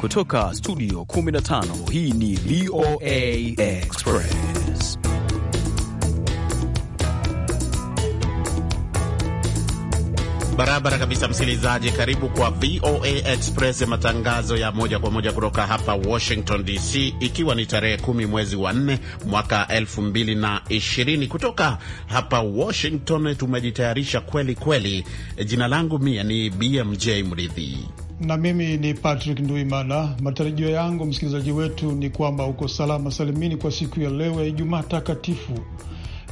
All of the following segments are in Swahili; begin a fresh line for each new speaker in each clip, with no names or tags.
Kutoka studio 15 hii ni VOA Express.
Barabara kabisa, msikilizaji, karibu kwa VOA Express, matangazo ya moja kwa moja kutoka hapa Washington DC, ikiwa ni tarehe kumi mwezi wa nne mwaka elfu mbili na ishirini. Kutoka hapa Washington tumejitayarisha kweli kweli. Jina langu mie ni BMJ Mridhi
na mimi ni Patrick Nduimana. Matarajio yangu msikilizaji wetu ni kwamba uko salama salimini kwa siku ya leo ya Ijumaa Takatifu.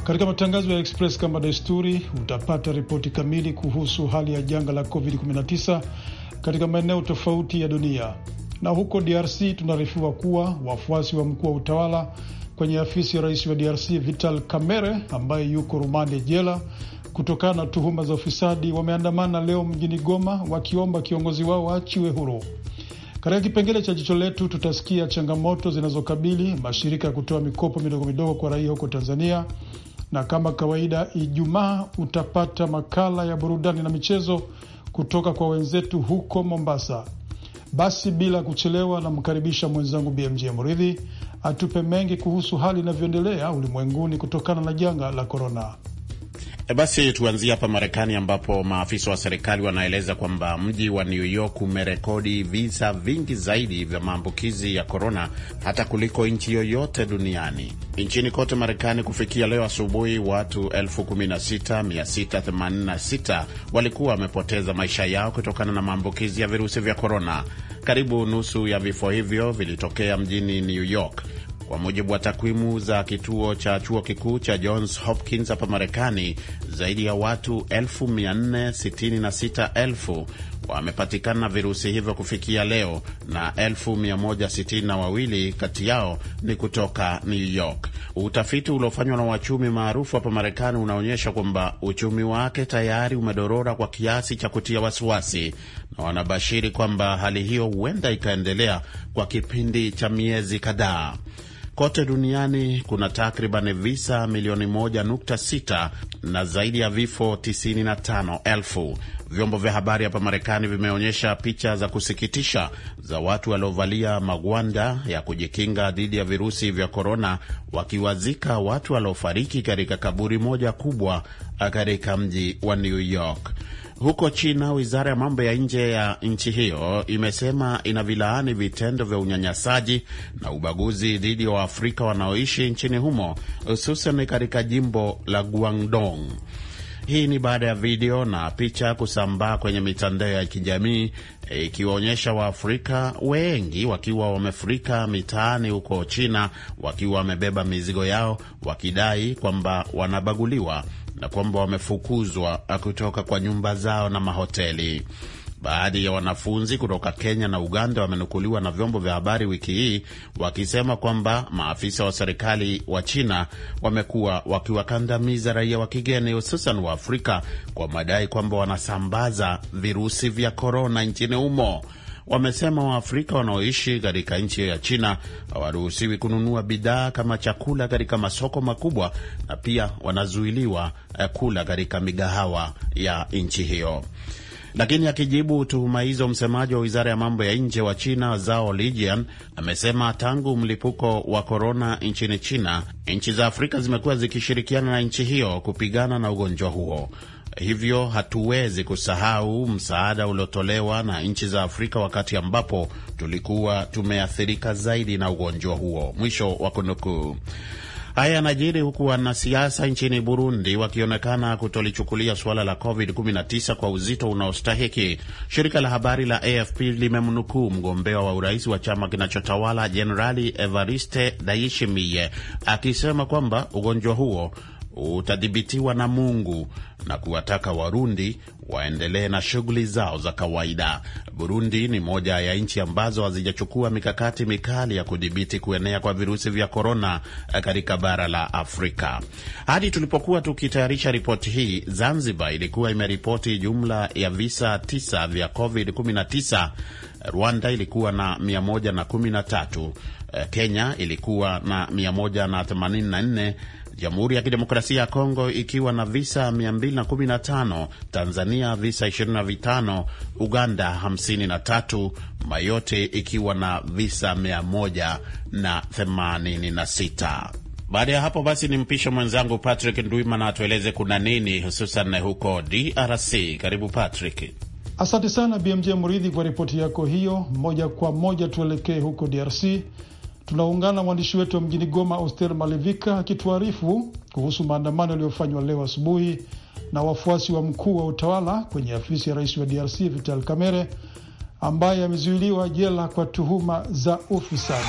Katika matangazo ya Express kama desturi, utapata ripoti kamili kuhusu hali ya janga la COVID-19 katika maeneo tofauti ya dunia. Na huko DRC tunaarifiwa kuwa wafuasi wa mkuu wa utawala kwenye afisi ya rais wa DRC Vital Kamerhe ambaye yuko rumande jela kutokana na tuhuma za ufisadi wameandamana leo mjini Goma wakiomba kiongozi wao waachiwe huru. Katika kipengele cha jicho letu tutasikia changamoto zinazokabili mashirika ya kutoa mikopo midogo midogo kwa raia huko Tanzania, na kama kawaida, Ijumaa utapata makala ya burudani na michezo kutoka kwa wenzetu huko Mombasa. Basi bila kuchelewa, namkaribisha mwenzangu BMJ Mridhi atupe mengi kuhusu hali inavyoendelea ulimwenguni kutokana na janga la korona.
E, basi tuanzie hapa Marekani ambapo maafisa wa serikali wanaeleza kwamba mji wa New York umerekodi visa vingi zaidi vya maambukizi ya korona hata kuliko nchi yoyote duniani. Nchini kote Marekani kufikia leo asubuhi, watu 16686 walikuwa wamepoteza maisha yao kutokana na maambukizi ya virusi vya korona. Karibu nusu ya vifo hivyo vilitokea mjini New York. Kwa mujibu wa takwimu za kituo cha chuo kikuu cha Johns Hopkins hapa Marekani, zaidi ya watu 466,000 wamepatikana na virusi hivyo kufikia leo na 162 kati yao ni kutoka New York. Utafiti uliofanywa na wachumi maarufu hapa Marekani unaonyesha kwamba uchumi wake tayari umedorora kwa kiasi cha kutia wasiwasi, na wanabashiri kwamba hali hiyo huenda ikaendelea kwa kipindi cha miezi kadhaa. Kote duniani kuna takriban visa milioni 1.6 na zaidi ya vifo 95 Vyombo vya habari hapa Marekani vimeonyesha picha za kusikitisha za watu waliovalia magwanda ya kujikinga dhidi ya virusi vya korona wakiwazika watu waliofariki katika kaburi moja kubwa katika mji wa New York. Huko China, wizara ya mambo ya nje ya nchi hiyo imesema inavilaani vitendo vya unyanyasaji na ubaguzi dhidi ya Waafrika wanaoishi nchini humo, hususan katika jimbo la Guangdong. Hii ni baada ya video na picha kusambaa kwenye mitandao ya kijamii eh, ikiwaonyesha Waafrika wengi wakiwa wamefurika mitaani huko China wakiwa wamebeba mizigo yao wakidai kwamba wanabaguliwa na kwamba wamefukuzwa kutoka kwa nyumba zao na mahoteli. Baadhi ya wanafunzi kutoka Kenya na Uganda wamenukuliwa na vyombo vya habari wiki hii wakisema kwamba maafisa wa serikali wa China wamekuwa wakiwakandamiza raia wa kigeni hususan wa Afrika kwa madai kwamba wanasambaza virusi vya korona nchini humo wamesema Waafrika wanaoishi katika nchi ya China hawaruhusiwi kununua bidhaa kama chakula katika masoko makubwa na pia wanazuiliwa eh, kula katika migahawa ya nchi hiyo. Lakini akijibu tuhuma hizo, msemaji wa wizara ya mambo ya nje wa China Zhao Lijian amesema tangu mlipuko wa korona nchini China, nchi za Afrika zimekuwa zikishirikiana na nchi hiyo kupigana na ugonjwa huo. Hivyo hatuwezi kusahau msaada uliotolewa na nchi za Afrika wakati ambapo tulikuwa tumeathirika zaidi na ugonjwa huo. Mwisho wa kunukuu. Haya yanajiri huku wanasiasa nchini Burundi wakionekana kutolichukulia suala la COVID-19 kwa uzito unaostahiki. Shirika la habari la AFP limemnukuu mgombea wa urais wa chama kinachotawala Jenerali Evariste Ndayishimiye akisema kwamba ugonjwa huo utadhibitiwa na Mungu na kuwataka Warundi waendelee na shughuli zao za kawaida. Burundi ni moja ya nchi ambazo hazijachukua mikakati mikali ya kudhibiti kuenea kwa virusi vya korona katika bara la Afrika. Hadi tulipokuwa tukitayarisha ripoti hii, Zanzibar ilikuwa imeripoti jumla ya visa 9 vya COVID-19. Rwanda ilikuwa na 113, Kenya ilikuwa na 184 Jamhuri ya Kidemokrasia ya Kongo ikiwa na visa 215, Tanzania visa 25, Uganda 53, Mayote ikiwa na visa 186. Baada ya hapo basi, ni mpisho mwenzangu Patrick Ndwimana atueleze kuna nini hususan huko DRC. Karibu Patrick.
Asante sana BMJ Mridhi kwa ripoti yako hiyo. Moja kwa moja tuelekee huko DRC Tunaungana mwandishi wetu wa mjini Goma, Oster Malevika, akituarifu kuhusu maandamano yaliyofanywa leo asubuhi na wafuasi wa mkuu wa utawala kwenye afisi ya rais wa DRC Vital Kamerhe ambaye amezuiliwa jela kwa tuhuma za ufisadi.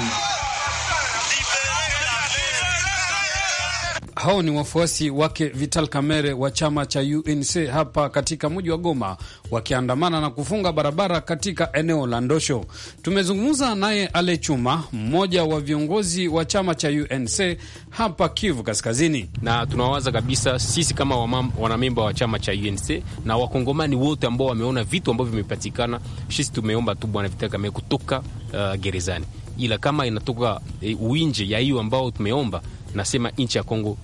Hao ni wafuasi wake Vital Kamerhe wa chama cha UNC hapa katika mji wa Goma, wakiandamana na kufunga barabara katika eneo la Ndosho. Tumezungumza naye Ale Chuma, mmoja wa viongozi wa chama cha UNC hapa Kivu Kaskazini. Na tunawaza kabisa sisi kama wanamemba wa chama cha UNC na wakongomani wote ambao wameona vitu ambavyo vimepatikana, sisi tumeomba tu Bwana Vital Kamerhe
kutoka uh, gerezani, ila kama inatoka uh, uwinje ya hiyo ambao tumeomba nasema nchi ya Kongo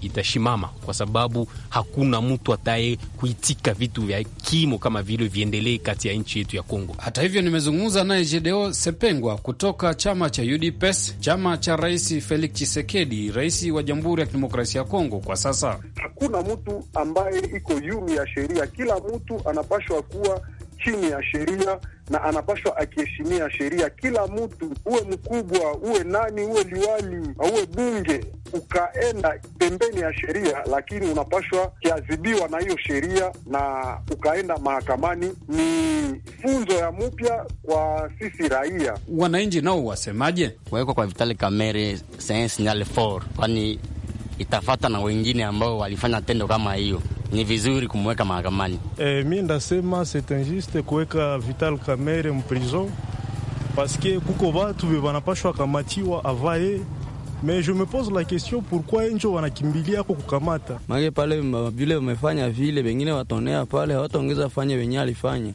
itashimama ita, ita kwa sababu hakuna mtu
ataye kuitika vitu vya kimo kama vile viendelee kati ya nchi yetu ya Kongo. Hata hivyo, nimezungumza naye Jedeo Sepengwa kutoka chama cha UDPS, chama cha Rais Felix chisekedi rais wa Jamhuri ya Kidemokrasia ya Kongo. Kwa sasa
hakuna mtu ambaye iko yumi ya sheria, kila mtu anapashwa kuwa chini ya sheria na anapashwa akiheshimia sheria. Kila mtu, uwe mkubwa, uwe nani, uwe liwali, uwe bunge, ukaenda pembeni ya sheria, lakini unapashwa kiadhibiwa na hiyo sheria na ukaenda mahakamani. Ni funzo ya mpya kwa sisi raia.
Wananchi nao wasemaje? kuwekwa kwa Vitali Kamere kwani itafata na wengine ambao walifanya tendo kama hiyo ni vizuri kumweka mahakamani. E, eh, mi ndasema c'est injuste kuweka Vital Kamerhe mprison paske kuko batu ve banapashwa kamatiwa avae Mais je me pose la question pourquoi enjo wanakimbilia ko kukamata mage pale vile wamefanya vile, wengine watonea pale, hawataongeza fanye wenye alifanya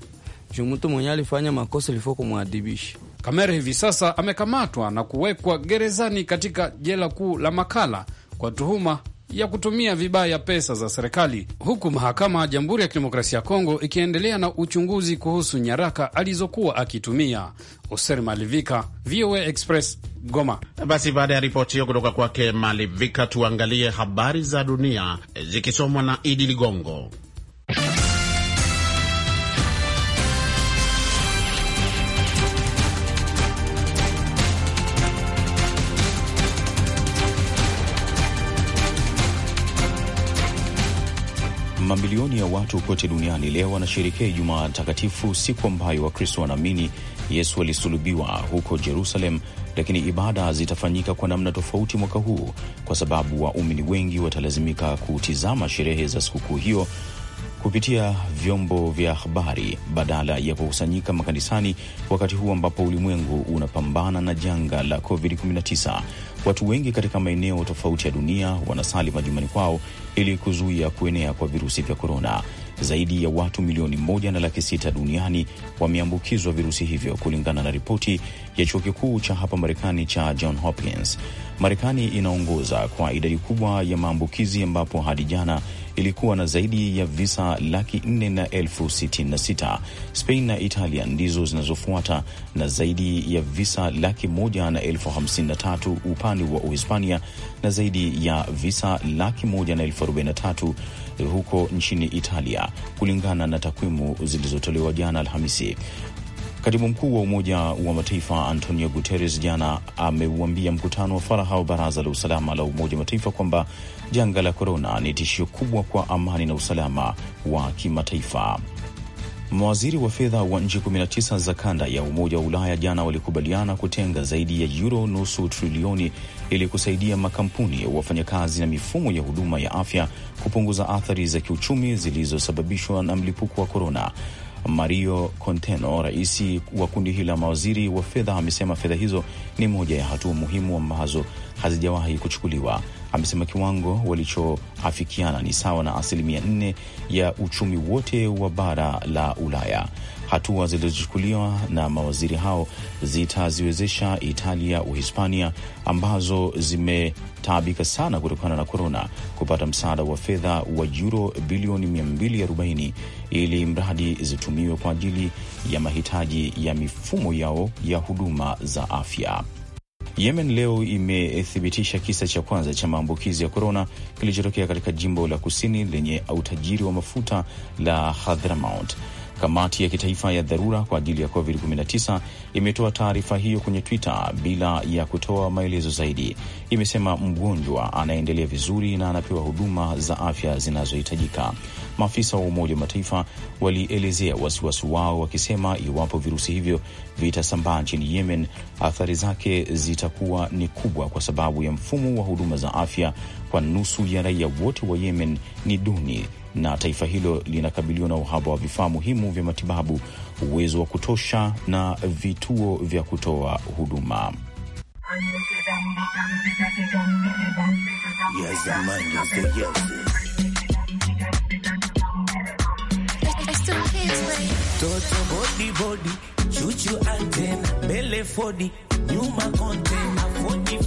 juu. Mtu mwenye alifanya makosa lifo kumwadibishi Kamerhe hivi sasa amekamatwa na kuwekwa gerezani katika jela kuu la Makala kwa tuhuma ya kutumia vibaya pesa za serikali, huku mahakama ya Jamhuri ya Kidemokrasia ya Kongo ikiendelea na uchunguzi kuhusu nyaraka alizokuwa akitumia. Oser Malivika, VOA Express, Goma. Basi baada ya ripoti hiyo kutoka
kwake Malivika, tuangalie habari za dunia zikisomwa na Idi Ligongo.
Mamilioni ya watu kote duniani leo wanasherekea Ijumaa Takatifu, siku ambayo Wakristo wanaamini Yesu alisulubiwa huko Jerusalem, lakini ibada zitafanyika kwa namna tofauti mwaka huu kwa sababu waumini wengi watalazimika kutizama sherehe za sikukuu hiyo kupitia vyombo vya habari badala ya kukusanyika makanisani, wakati huu ambapo ulimwengu unapambana na janga la COVID-19. Watu wengi katika maeneo tofauti ya dunia wanasali majumbani kwao ili kuzuia kuenea kwa virusi vya korona. Zaidi ya watu milioni moja na laki sita duniani wameambukizwa virusi hivyo, kulingana na ripoti ya chuo kikuu cha hapa Marekani cha John Hopkins. Marekani inaongoza kwa idadi kubwa ya maambukizi ambapo hadi jana ilikuwa na zaidi ya visa laki nne na elfu sitini na sita. Spain na Italia ndizo zinazofuata na zaidi ya visa laki moja na elfu hamsini na tatu upande wa Uhispania na zaidi ya visa laki moja na elfu arobaini na tatu huko nchini Italia kulingana na takwimu zilizotolewa jana Alhamisi. Katibu mkuu wa Umoja wa Mataifa Antonio Guterres jana ameuambia mkutano wa faraha wa Baraza la Usalama la Umoja wa Mataifa kwamba janga la korona ni tishio kubwa kwa amani na usalama wa kimataifa. Mawaziri wa fedha wa nchi 19 za kanda ya Umoja wa Ulaya jana walikubaliana kutenga zaidi ya yuro nusu trilioni ili kusaidia makampuni, wafanyakazi na mifumo ya huduma ya afya kupunguza athari za kiuchumi zilizosababishwa na mlipuko wa korona. Mario conteno rais wa kundi hili la mawaziri wa fedha, amesema fedha hizo ni moja ya hatua muhimu ambazo hazijawahi kuchukuliwa amesema kiwango walichoafikiana ni sawa na asilimia nne ya uchumi wote wa bara la Ulaya. Hatua zilizochukuliwa na mawaziri hao zitaziwezesha Italia, Uhispania ambazo zimetaabika sana kutokana na korona kupata msaada wa fedha wa yuro bilioni 240 ili mradi zitumiwe kwa ajili ya mahitaji ya mifumo yao ya huduma za afya. Yemen leo imethibitisha kisa cha kwanza cha maambukizi ya korona kilichotokea katika jimbo la kusini lenye utajiri wa mafuta la Hadhramaut. Kamati ya kitaifa ya dharura kwa ajili ya COVID-19 imetoa taarifa hiyo kwenye Twitter bila ya kutoa maelezo zaidi. Imesema mgonjwa anaendelea vizuri na anapewa huduma za afya zinazohitajika. Maafisa wa Umoja wa Mataifa walielezea wasiwasi wao wakisema, iwapo virusi hivyo vitasambaa nchini Yemen, athari zake zitakuwa ni kubwa, kwa sababu ya mfumo wa huduma za afya kwa nusu ya raia wote wa Yemen ni duni na taifa hilo linakabiliwa na uhaba wa vifaa muhimu vya matibabu, uwezo wa kutosha na vituo vya kutoa huduma. Toto chuchu antena, fodi, nyuma kontena, fodi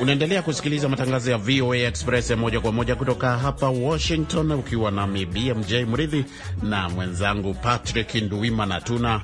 Unaendelea kusikiliza matangazo ya VOA Express moja kwa moja kutoka hapa Washington, ukiwa nami BMJ Mridhi na mwenzangu Patrick Nduwimana. Tuna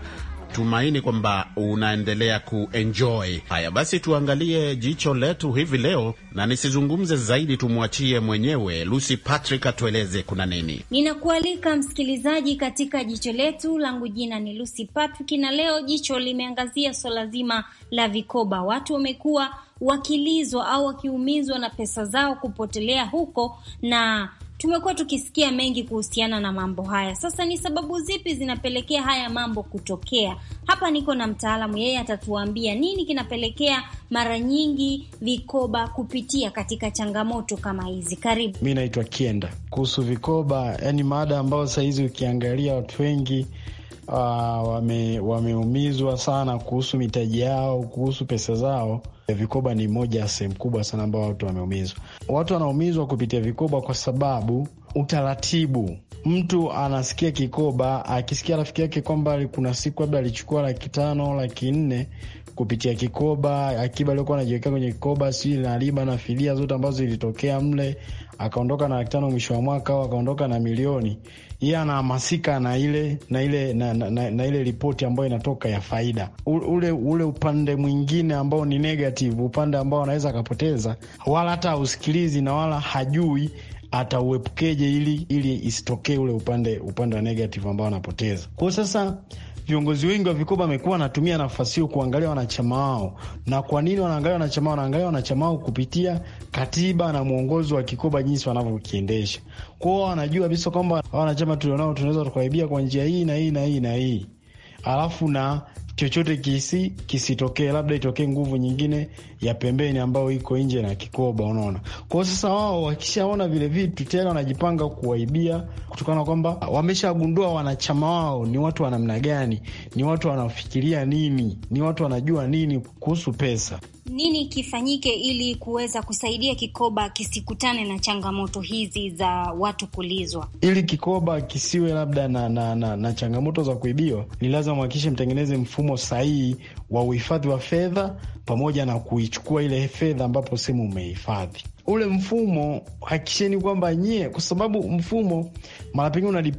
tumaini kwamba unaendelea kuenjoy haya. Basi tuangalie jicho letu hivi leo, na nisizungumze zaidi, tumwachie mwenyewe Lucy Patrick atueleze kuna nini.
Ninakualika msikilizaji katika jicho letu, langu jina ni Lucy Patrick, na leo jicho limeangazia swala zima la vikoba. Watu wamekuwa wakilizwa au wakiumizwa na pesa zao kupotelea huko na Tumekuwa tukisikia mengi kuhusiana na mambo haya. Sasa ni sababu zipi zinapelekea haya mambo kutokea? Hapa niko na mtaalamu, yeye atatuambia nini kinapelekea mara nyingi vikoba kupitia katika changamoto kama hizi. Karibu. Mi naitwa Kienda. Kuhusu vikoba, yani mada ambayo sahizi ukiangalia watu wengi uh, wameumizwa wame sana kuhusu mitaji yao, kuhusu pesa zao Vikoba ni moja ya sehemu kubwa sana ambao watu wameumizwa. Watu wanaumizwa kupitia vikoba kwa sababu utaratibu mtu anasikia kikoba, akisikia rafiki yake kwamba kuna siku labda alichukua laki tano laki nne, kupitia kikoba, akiba aliyokuwa anajiwekea kwenye kikoba, sijui na riba na fidia zote ambazo zilitokea mle, akaondoka na laki tano mwisho wa mwaka au akaondoka na milioni. Yeye anahamasika na ile na ile na, na, na, na ile ripoti ambayo inatoka ya faida. Ule ule upande mwingine ambao ni negative, upande ambao anaweza akapoteza, wala hata hausikilizi na wala hajui atauepukeje ili ili isitokee ule upande upande wa negative ambao anapoteza. kwao. sasa viongozi wengi wa vikoba wamekuwa wanatumia nafasi hiyo kuangalia wanachama wao. Na kwa nini wanaangalia wanachama? Wanaangalia wanachama wao kupitia katiba na mwongozo wa kikoba jinsi wanavyokiendesha. Kwa hiyo wanajua kabisa kwamba wanachama tulionao tunaweza tukaibia kwa njia hii na hii na hii na hii, alafu na chochote kisi kisitokee, labda itokee nguvu nyingine ya pembeni ambayo iko nje na kikoba, unaona. Kwa sasa wao wakishaona vile vitu tena wanajipanga kuwaibia, kutokana kwamba wameshagundua wanachama wao ni watu wa namna gani, ni watu wanafikiria nini, ni watu wanajua nini kuhusu pesa. Nini kifanyike ili kuweza kusaidia kikoba kisikutane na changamoto hizi za watu kulizwa? Ili kikoba kisiwe labda na, na, na, na changamoto za kuibiwa, ni lazima mhakikishe mtengeneze mfumo sahihi wa uhifadhi wa fedha pamoja na kui kuichukua ile fedha ambapo sehemu umehifadhi ule mfumo hakikisheni kwamba nyie, kwa sababu mfumo mara pengine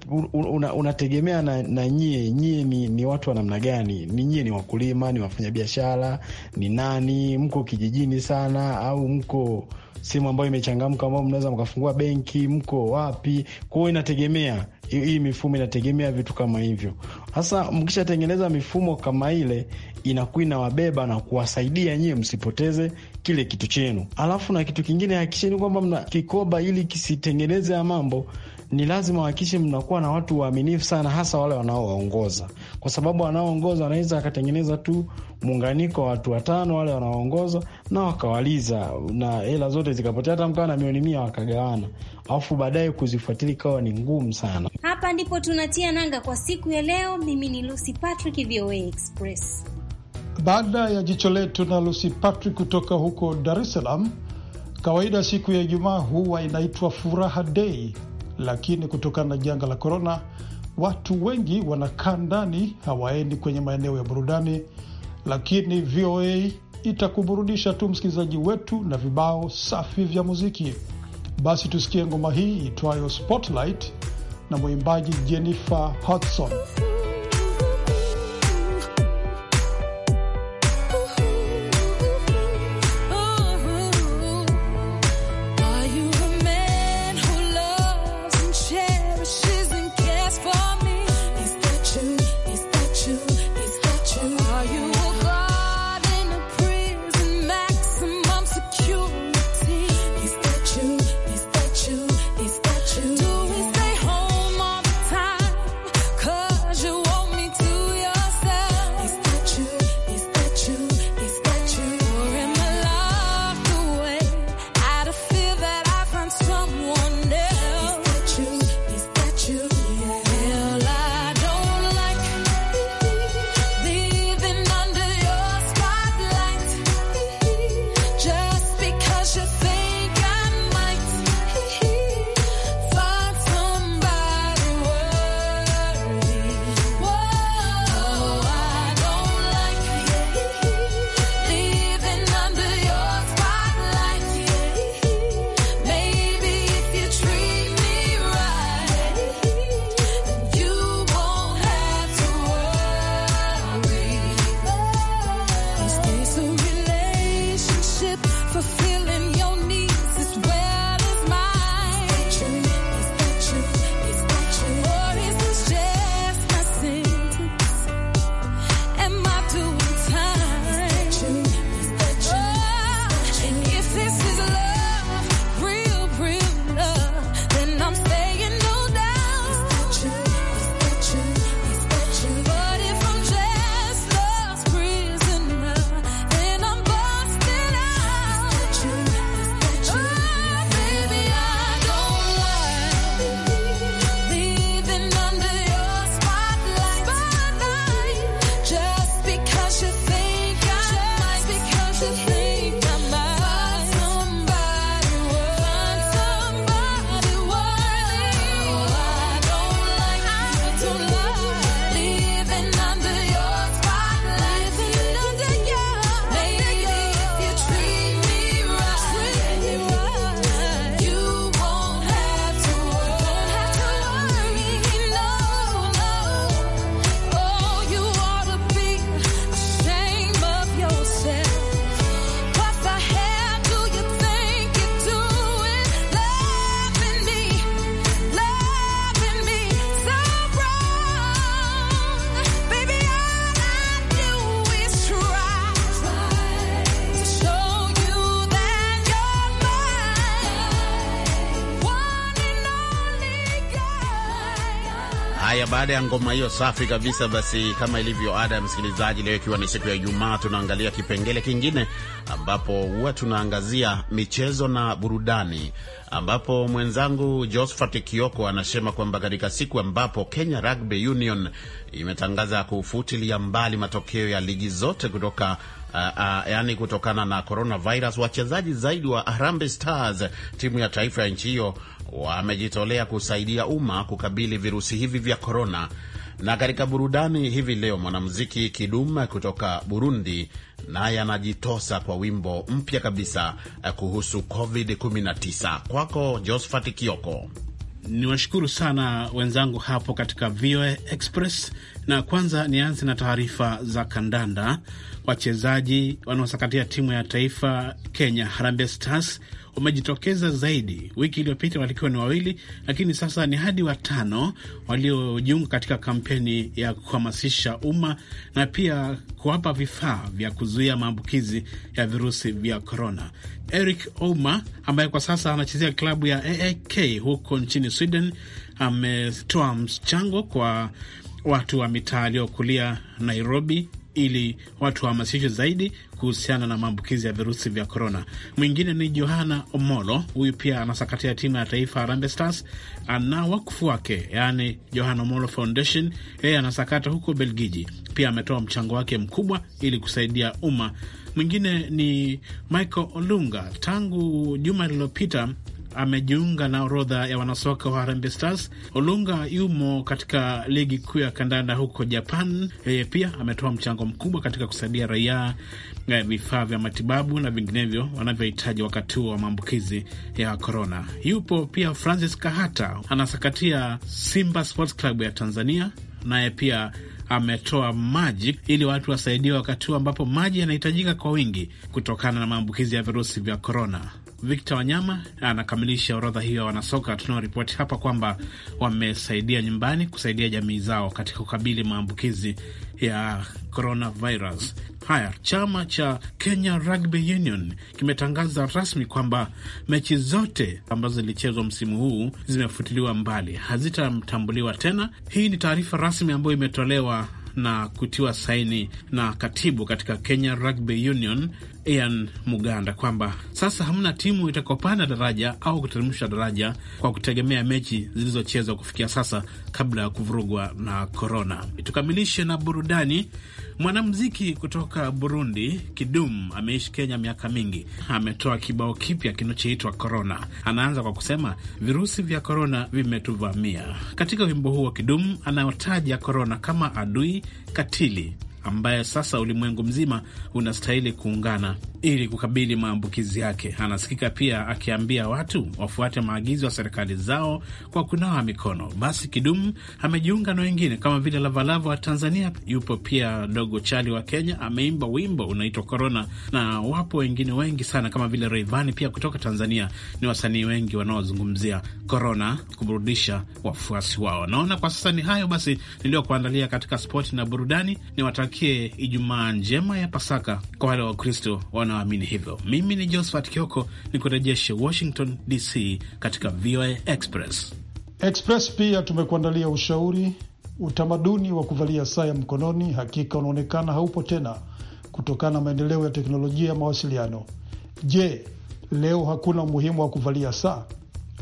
unategemea una, una na, na nyie nyie ni, ni watu wa namna gani? Ni nyie ni wakulima, ni wafanyabiashara, ni nani? Mko kijijini sana au mko sehemu ambayo imechangamka ambao mnaweza mkafungua benki? Mko wapi? Kwao inategemea hii mifumo inategemea vitu kama hivyo. Hasa mkishatengeneza mifumo kama ile, inakuwa inawabeba na kuwasaidia nyie msipoteze kile kitu chenu. Alafu na kitu kingine, hakikisheni kwamba mna kikoba ili kisitengeneze ya mambo ni lazima wahakikishe mnakuwa na watu waaminifu sana, hasa wale wanaowaongoza, kwa sababu wanaoongoza wanaweza wakatengeneza tu muunganiko wa watu watano wale wanaoongoza na wakawaliza na hela zote zikapotea, hata mkawa na milioni mia wakagawana, alafu baadaye kuzifuatili ikawa ni ngumu sana. Hapa ndipo tunatia nanga kwa siku ya leo. Mimi ni Lucy Patrick, VOA Express.
Baada ya jicho letu na Lucy Patrick kutoka huko Dar es Salaam. Kawaida siku ya Ijumaa huwa inaitwa furaha dei, lakini kutokana na janga la korona, watu wengi wanakaa ndani, hawaendi kwenye maeneo ya burudani. Lakini VOA itakuburudisha tu msikilizaji wetu na vibao safi vya muziki. Basi tusikie ngoma hii itwayo Spotlight na mwimbaji Jennifer Hudson.
a
baada ya ngoma hiyo safi kabisa, basi kama ilivyo ada ya msikilizaji, leo ikiwa ni siku ya Ijumaa, tunaangalia kipengele kingine ambapo huwa tunaangazia michezo na burudani, ambapo mwenzangu Josphat Kioko anasema kwamba katika siku ambapo Kenya Rugby Union imetangaza kufutilia mbali matokeo ya ligi zote kutoka Uh, uh, yani kutokana na coronavirus, wachezaji zaidi wa Harambee Stars, timu ya taifa ya nchi hiyo, wamejitolea kusaidia umma kukabili virusi hivi vya korona. Na katika burudani hivi leo, mwanamuziki Kidum kutoka Burundi naye anajitosa kwa wimbo mpya kabisa eh, kuhusu COVID-19. Kwako Josphat Kioko. Niwashukuru sana wenzangu hapo katika
VOA Express, na kwanza nianze na taarifa za kandanda. Wachezaji wanaosakatia timu ya taifa Kenya Harambee Stars umejitokeza zaidi. Wiki iliyopita walikiwa ni wawili, lakini sasa ni hadi watano waliojiunga katika kampeni ya kuhamasisha umma na pia kuwapa vifaa vya kuzuia maambukizi ya virusi vya korona. Eric Ouma ambaye kwa sasa anachezea klabu ya AAK huko nchini Sweden ametoa mchango kwa watu wa mitaa aliyokulia Nairobi ili watu wahamasishwe zaidi kuhusiana na maambukizi ya virusi vya korona. Mwingine ni Johana Omolo, huyu pia anasakatia timu ya taifa Harambee Stars, ana wakfu wake, yaani Johana Omolo Foundation. Yeye anasakata huko Belgiji, pia ametoa mchango wake mkubwa ili kusaidia umma. Mwingine ni Michael Olunga, tangu juma lililopita amejiunga na orodha ya wanasoka wa Harambee Stars. Olunga yumo katika ligi kuu ya kandanda huko Japan. Yeye pia ametoa mchango mkubwa katika kusaidia raia eh, vifaa vya matibabu na vinginevyo wanavyohitaji wakati huo wa maambukizi ya korona. Yupo pia Francis Kahata, anasakatia Simba Sports Club ya Tanzania, naye pia ametoa maji ili watu wasaidiwe wakati huo ambapo maji yanahitajika kwa wingi kutokana na maambukizi ya virusi vya korona. Victor Wanyama anakamilisha orodha hiyo ya wanasoka tunaoripoti hapa kwamba wamesaidia nyumbani kusaidia jamii zao katika kukabili maambukizi ya coronavirus. Haya, chama cha Kenya Rugby Union kimetangaza rasmi kwamba mechi zote ambazo zilichezwa msimu huu zimefutiliwa mbali, hazitamtambuliwa tena. Hii ni taarifa rasmi ambayo imetolewa na kutiwa saini na katibu katika Kenya Rugby Union Ian Muganda kwamba sasa hamna timu itakopanda daraja au kuteremsha daraja kwa kutegemea mechi zilizochezwa kufikia sasa kabla ya kuvurugwa na korona. Tukamilishe na burudani. Mwanamuziki kutoka Burundi Kidum ameishi Kenya miaka mingi, ametoa kibao kipya kinachoitwa Korona. Anaanza kwa kusema virusi vya korona vimetuvamia. Katika wimbo huo, Kidum anayotaja korona kama adui katili ambaye sasa ulimwengu mzima unastahili kuungana ili kukabili maambukizi yake. Anasikika pia akiambia watu wafuate maagizo ya wa serikali zao kwa kunawa mikono. Basi Kidumu amejiunga na wengine kama vile Lavalava wa Tanzania, yupo pia Dogo Chali wa Kenya, ameimba wimbo unaitwa Korona, na wapo wengine wengi sana kama vile Reivani pia kutoka Tanzania. Ni wasanii wengi wanaozungumzia korona kuburudisha wafuasi wao. Naona kwa sasa ni hayo basi niliyokuandalia katika spoti na burudani. Niwatakie Ijumaa njema ya Pasaka kwa wale Wakristo wa wanaoamini hivyo. Mimi ni Josphat Kioko, ni kurejeshe Washington DC katika VOA Express.
Express pia tumekuandalia ushauri. Utamaduni wa kuvalia saa ya mkononi hakika unaonekana haupo tena kutokana na maendeleo ya teknolojia ya mawasiliano. Je, leo hakuna umuhimu wa kuvalia saa?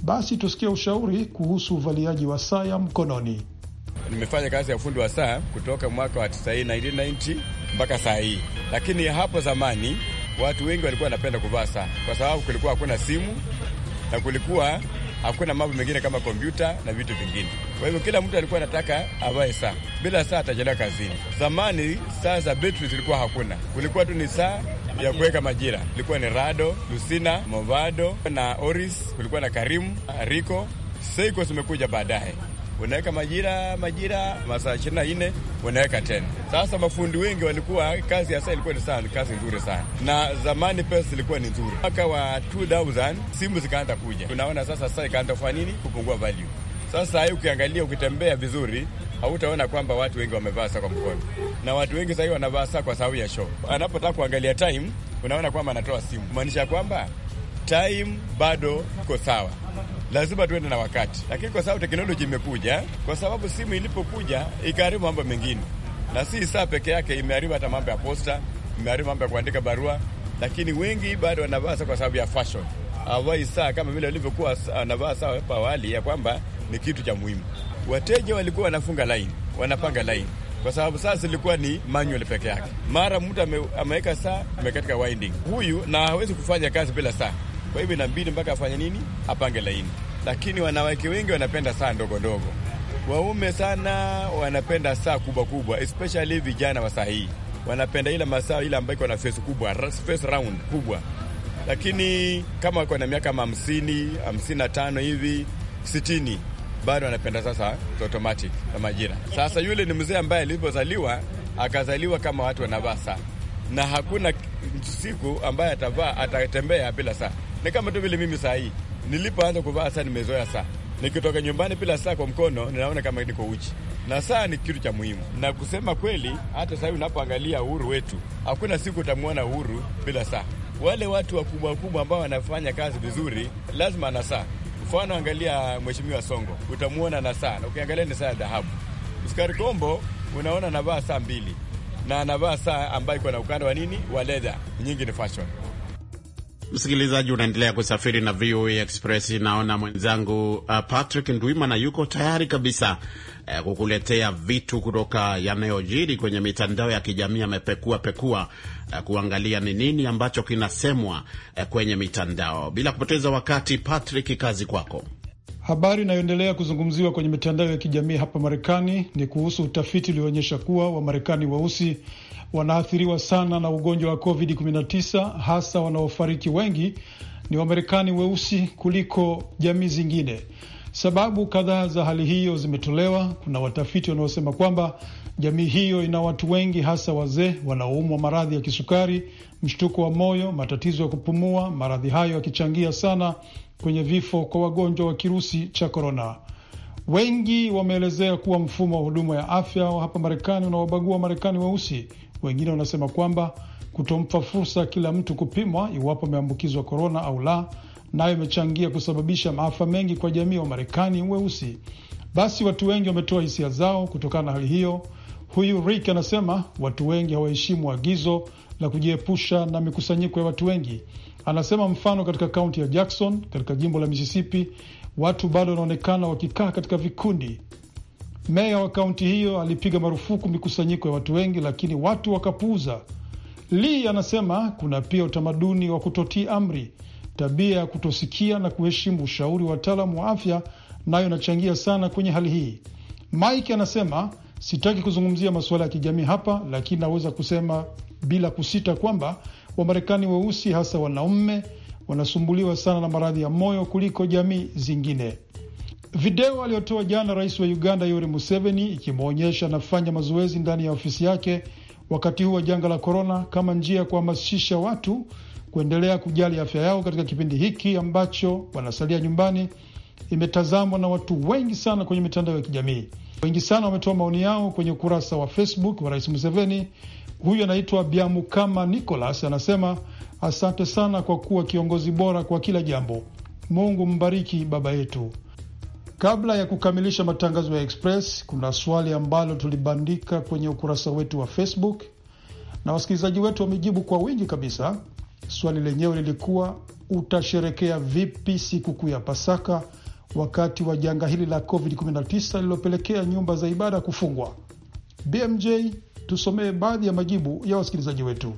Basi tusikie ushauri kuhusu uvaliaji wa saa ya mkononi.
Nimefanya kazi ya ufundi wa saa kutoka mwaka wa 1990 mpaka saa hii, lakini hapo zamani watu wengi walikuwa wanapenda kuvaa saa kwa sababu kulikuwa hakuna simu na kulikuwa hakuna mambo mengine kama kompyuta na vitu vingine. Kwa hivyo kila mtu alikuwa anataka avae saa, bila saa atachelewa kazini. Zamani saa za betri zilikuwa hakuna, kulikuwa tu ni saa ya kuweka majira. Ilikuwa ni Rado, lusina Movado na Oris, kulikuwa na Karimu, Riko, Seiko zimekuja baadaye unaweka majira majira masaa ishirini na nne unaweka tena. Sasa mafundi wengi walikuwa kazi ya saa ilikuwa ni sana kazi nzuri sana, na zamani pesa zilikuwa ni nzuri. Mwaka wa 2000 simu zikaanza kuja, tunaona sasa saa ikaanza kufanya nini kupungua value. Sasa hii ukiangalia, ukitembea vizuri hautaona kwamba watu wengi wamevaa saa kwa mkono, na watu wengi sahii wanavaa saa kwa sababu ya show. Anapotaka kuangalia time, unaona kwamba anatoa simu, kumaanisha kwamba time bado iko sawa lazima tuende na wakati, lakini kwa sababu teknoloji imekuja, kwa sababu simu ilipokuja ikaharibu mambo mengine, na si saa peke yake, imeharibu hata mambo ya posta, imeharibu mambo ya kuandika barua, lakini wengi bado wanavaa saa kwa sababu ya fashion. Hawai saa kama vile walivyokuwa wanavaa saa hapo awali, ya kwamba ni kitu cha muhimu. Wateja walikuwa wanafunga laini, wanapanga laini kwa sababu saa zilikuwa ni manual peke yake. Mara mtu ameweka saa amekatika winding, huyu na hawezi kufanya kazi bila saa. Kwa hivyo inabidi mpaka afanye nini, apange laini. Lakini wanawake wengi wanapenda saa ndogo ndogo, waume sana wanapenda saa kubwa kubwa, especially vijana wa saa hii wanapenda ile masaa ile ambayo iko na face kubwa, face round kubwa. Lakini kama wako na miaka hamsini hamsini na tano hivi sitini bado anapenda sasa automatic na majira. Sasa yule ni mzee ambaye alivyozaliwa akazaliwa kama watu wanavaa saa na hakuna siku ambaye atavaa atatembea bila saa. Ni kama tu vile mimi saa hii nilipoanza kuvaa saa, nimezoea saa. Nikitoka nyumbani bila saa kwa mkono, ninaona kama niko uchi, na saa ni kitu cha muhimu. Na kusema kweli, hata sahii unapoangalia uhuru wetu, hakuna siku utamwona uhuru bila saa. Wale watu wakubwa wakubwa ambao wanafanya kazi vizuri, lazima na saa. Mfano, angalia Mheshimiwa Songo, utamwona na saa, na ukiangalia ni saa ya dhahabu. Uskari Kombo unaona navaa saa mbili na anavaa saa ambayo iko na ukanda wa nini wa leda nyingi, ni fashion.
Msikilizaji, unaendelea kusafiri na VOA Express. Naona mwenzangu uh, Patrick Ndwimana yuko tayari kabisa uh, kukuletea vitu kutoka yanayojiri kwenye mitandao ya kijamii. Amepekua pekua uh, kuangalia ni nini ambacho kinasemwa uh, kwenye mitandao. Bila kupoteza wakati, Patrick, kazi kwako.
Habari inayoendelea kuzungumziwa kwenye mitandao ya kijamii hapa Marekani ni kuhusu utafiti ulioonyesha kuwa Wamarekani weusi wanaathiriwa sana na ugonjwa wa COVID-19, hasa wanaofariki wengi ni Wamarekani weusi kuliko jamii zingine. Sababu kadhaa za hali hiyo zimetolewa. Kuna watafiti wanaosema kwamba jamii hiyo ina watu wengi, hasa wazee wanaoumwa maradhi ya kisukari, mshtuko wa moyo, matatizo ya kupumua, maradhi hayo yakichangia sana kwenye vifo kwa wagonjwa wa kirusi cha korona. Wengi wameelezea kuwa mfumo wa huduma ya afya wa hapa Marekani unawabagua marekani weusi. Wengine wanasema kwamba kutompa fursa kila mtu kupimwa iwapo ameambukizwa korona au la nayo imechangia kusababisha maafa mengi kwa jamii wa Marekani weusi. Basi watu wengi wametoa hisia zao kutokana na hali hiyo. Huyu Rick anasema watu wengi hawaheshimu agizo la kujiepusha na mikusanyiko ya watu wengi. Anasema mfano, katika kaunti ya Jackson katika jimbo la Mississippi, watu bado wanaonekana wakikaa katika vikundi. Meya wa kaunti hiyo alipiga marufuku mikusanyiko ya watu wengi, lakini watu wakapuuza. Lee anasema kuna pia utamaduni wa kutotii amri Tabia ya kutosikia na kuheshimu ushauri wa wataalamu wa afya nayo inachangia sana kwenye hali hii. Mike anasema sitaki kuzungumzia masuala ya kijamii hapa, lakini naweza kusema bila kusita kwamba Wamarekani weusi hasa wanaume wanasumbuliwa sana na maradhi ya moyo kuliko jamii zingine. Video aliyotoa jana rais wa Uganda Yoweri Museveni ikimwonyesha anafanya mazoezi ndani ya ofisi yake wakati huu wa janga la korona, kama njia ya kuhamasisha watu kuendelea kujali afya yao katika kipindi hiki ambacho wanasalia nyumbani imetazamwa na watu wengi sana kwenye mitandao ya kijamii. Wengi sana wametoa maoni yao kwenye ukurasa wa Facebook wa Rais Museveni. Huyu anaitwa Biamukama nicolas anasema asante sana kwa kuwa kiongozi bora kwa kila jambo. Mungu mbariki baba yetu. Kabla ya kukamilisha matangazo ya Express, kuna swali ambalo tulibandika kwenye ukurasa wetu wa Facebook na wasikilizaji wetu wamejibu kwa wingi kabisa. Swali lenyewe lilikuwa utasherekea vipi sikukuu ya Pasaka wakati wa janga hili la COVID-19 lililopelekea nyumba za ibada kufungwa? BMJ, tusomee baadhi ya majibu ya wasikilizaji wetu.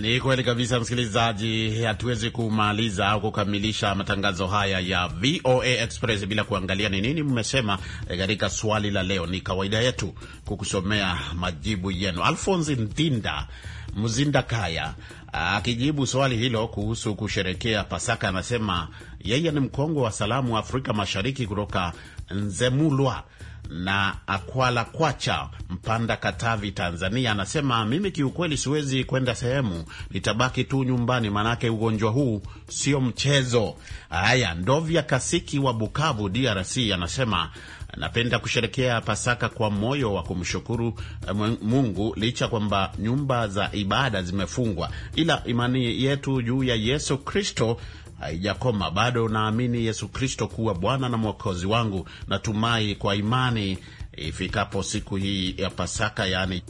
Ni kweli kabisa, msikilizaji, hatuwezi kumaliza au kukamilisha matangazo haya ya VOA Express bila kuangalia ni nini mmesema eh, katika swali la leo. Ni kawaida yetu kukusomea majibu yenu. Alfonsi Ndinda Mzindakaya Akijibu swali hilo kuhusu kusherekea Pasaka, anasema yeye ni mkongwe wa salamu wa Afrika Mashariki kutoka Nzemulwa na Akwala Kwacha, Mpanda, Katavi, Tanzania. Anasema mimi kiukweli siwezi kwenda sehemu, nitabaki tu nyumbani, maanake ugonjwa huu sio mchezo. Haya, Ndovya Kasiki wa Bukavu, DRC anasema Napenda kusherekea Pasaka kwa moyo wa kumshukuru eh, Mungu licha kwamba nyumba za ibada zimefungwa, ila imani yetu juu ya Yesu Kristo haijakoma bado. Naamini Yesu Kristo kuwa Bwana na Mwokozi wangu. Natumai kwa imani ifikapo siku hii ya Pasaka, yaani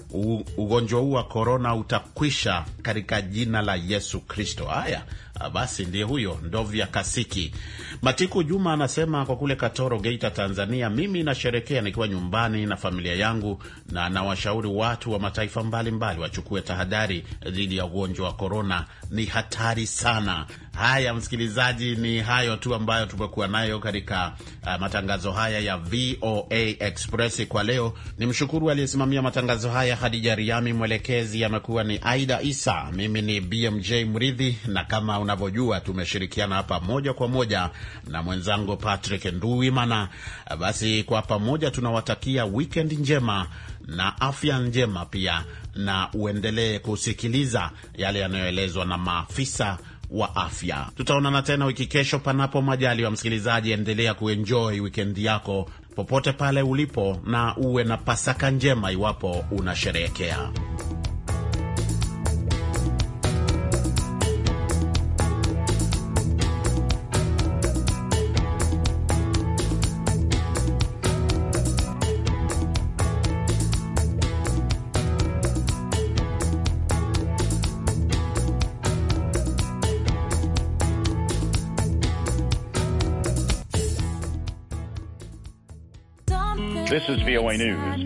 ugonjwa huu wa korona utakwisha katika jina la Yesu Kristo. Haya, Ah, basi ndiye huyo Ndovya Kasiki. Matiku Juma anasema kwa kule Katoro, Geita, Tanzania, mimi nasherekea nikiwa nyumbani na familia yangu, na nawashauri watu wa mataifa mbalimbali wachukue tahadhari dhidi ya ugonjwa wa korona, ni hatari sana. Haya, msikilizaji, ni hayo tu ambayo tumekuwa nayo katika uh, matangazo haya ya VOA Express kwa leo. Ni mshukuru aliyesimamia matangazo haya Hadija Riami, mwelekezi amekuwa ni Aida Isa, mimi ni BMJ Mridhi, na kama unavyojua tumeshirikiana hapa moja kwa moja na mwenzangu Patrick Nduwimana. Basi kwa pamoja tunawatakia wikendi njema na afya njema pia, na uendelee kusikiliza yale yanayoelezwa na maafisa wa afya. Tutaonana tena wiki kesho, panapo majali wa msikilizaji. Endelea kuenjoy wikendi yako popote pale ulipo, na uwe na Pasaka njema iwapo unasherehekea.
VOA News.